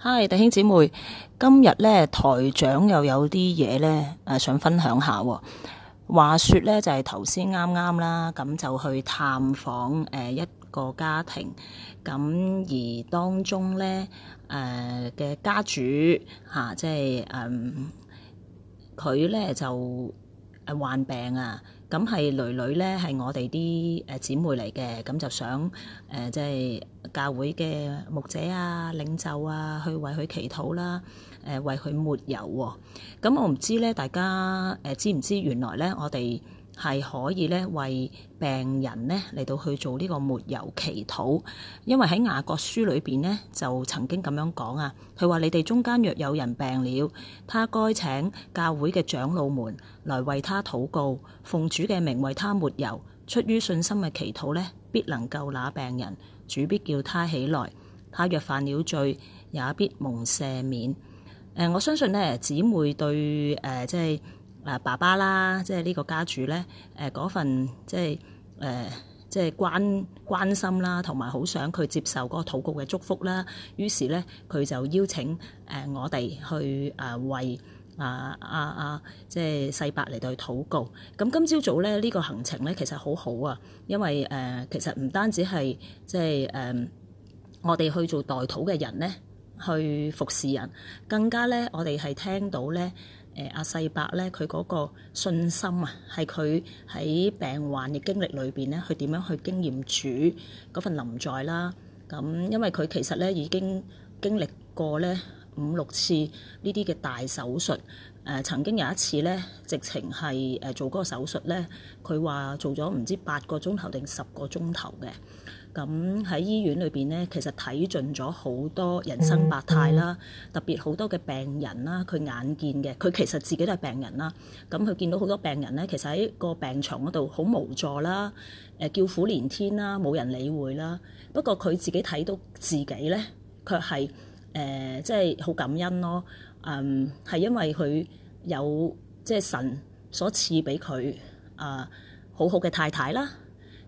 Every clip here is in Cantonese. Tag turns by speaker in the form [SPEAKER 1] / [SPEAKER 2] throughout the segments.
[SPEAKER 1] 嗨，弟兄姊妹，今日咧台長又有啲嘢咧，誒想分享下。話說咧就係頭先啱啱啦，咁就去探訪誒一個家庭，咁而當中咧誒嘅家主吓、啊，即係嗯佢咧就誒患病啊。咁係女女咧，係我哋啲誒姊妹嚟嘅，咁就想誒即係教會嘅牧者啊、領袖啊，去為佢祈禱啦，誒、呃、為佢抹油喎。咁我唔知咧，大家、呃、知唔知原來咧，我哋？係可以咧，為病人呢嚟到去做呢個抹油祈禱，因為喺雅各書裏面呢，就曾經咁樣講啊，佢話你哋中間若有人病了，他該請教會嘅長老們來為他禱告，奉主嘅名為他抹油，出於信心嘅祈禱呢，必能救那病人，主必叫他起來。他若犯了罪，也必蒙赦免。呃、我相信呢，姊妹對即、呃就是誒爸爸啦，即係呢個家主咧，誒嗰份即係誒即係關關心啦，同埋好想佢接受嗰個禱告嘅祝福啦。於是咧，佢就邀請誒我哋去誒為啊啊啊，即係細伯嚟到去禱告。咁今朝早咧，呢、呢個行程咧，其實好好啊，因為誒、呃、其實唔單止係即係誒我哋去做代禱嘅人咧，去服侍人，更加咧我哋係聽到咧。誒阿細伯咧，佢嗰個信心啊，係佢喺病患嘅經歷裏邊咧，佢點樣去經驗主嗰份臨在啦？咁因為佢其實咧已經經歷過咧五六次呢啲嘅大手術，誒曾經有一次咧，直情係誒做嗰個手術咧，佢話做咗唔知八個鐘頭定十個鐘頭嘅。咁喺醫院裏邊咧，其實睇盡咗好多人生百態啦，嗯嗯、特別好多嘅病人啦，佢眼見嘅，佢其實自己都係病人啦。咁佢見到好多病人咧，其實喺個病床嗰度好無助啦，誒叫苦連天啦，冇人理會啦。不過佢自己睇到自己咧，卻係誒即係好感恩咯。嗯，係因為佢有即係、就是、神所賜俾佢啊好好嘅太太啦。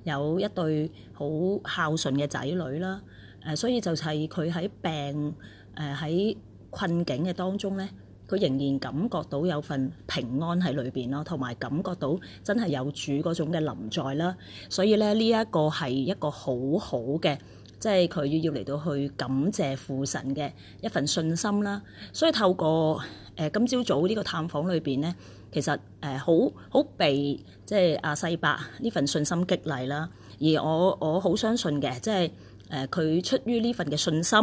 [SPEAKER 1] 有一對好孝順嘅仔女啦，誒，所以就係佢喺病誒喺困境嘅當中呢，佢仍然感覺到有份平安喺裏邊咯，同埋感覺到真係有主嗰種嘅臨在啦，所以咧呢一個係一個好好嘅。即係佢要嚟到去感謝父神嘅一份信心啦，所以透過誒今朝早呢個探訪裏邊咧，其實誒好好被即係阿西伯呢份信心激勵啦。而我我好相信嘅，即係誒佢出於呢份嘅信心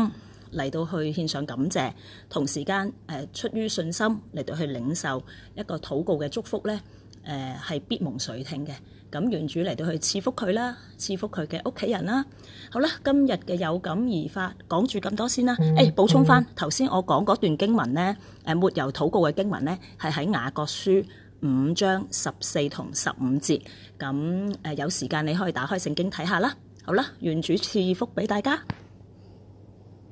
[SPEAKER 1] 嚟到去獻上感謝，同時間誒出於信心嚟到去領受一個禱告嘅祝福咧。誒係必蒙垂聽嘅，咁願主嚟到去賜福佢啦，賜福佢嘅屋企人啦。好啦，今日嘅有感而發，講住咁多先啦。誒，補充翻頭先我講嗰段經文咧，誒抹油禱告嘅經文咧，係喺雅各書五章十四同十五節。咁誒有時間你可以打開聖經睇下啦。好啦，願主賜福俾大家。